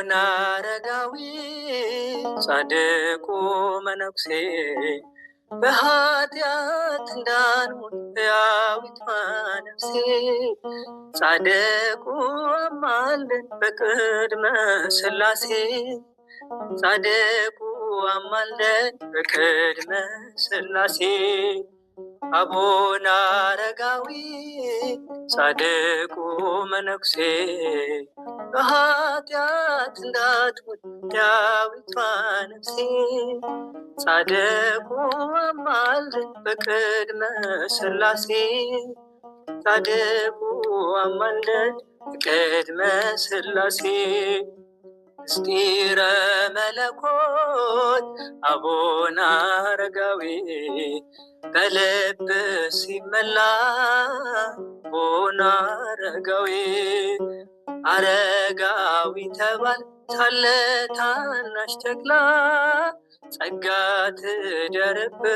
አቡነ አረጋዊ ጻድቁ መነኩሴ በኃጢአት እንዳንሞት ሕያዊቷ ነፍሴ ጻድቁ አማልን በቅድመ ስላሴ ጻድቁ አማለን በቅድመ ስላሴ አቡነ አረጋዊ ጻድቁ መነኩሴ በኃጢአት ክፋት እንዳትሞት ዳዊቷ ነፍሴ ጻድቁ አማልድ በቅድመ ሥላሴ ጻድቁ አማልድ በቅድመ ሥላሴ ምስጢረ መለኮት አቡነ አረጋዊ በልብ ሲመላ አቡነ አረጋዊ አረጋዊ ተባል ታለ ታናሽ ተክላ ጸጋ ትደርብ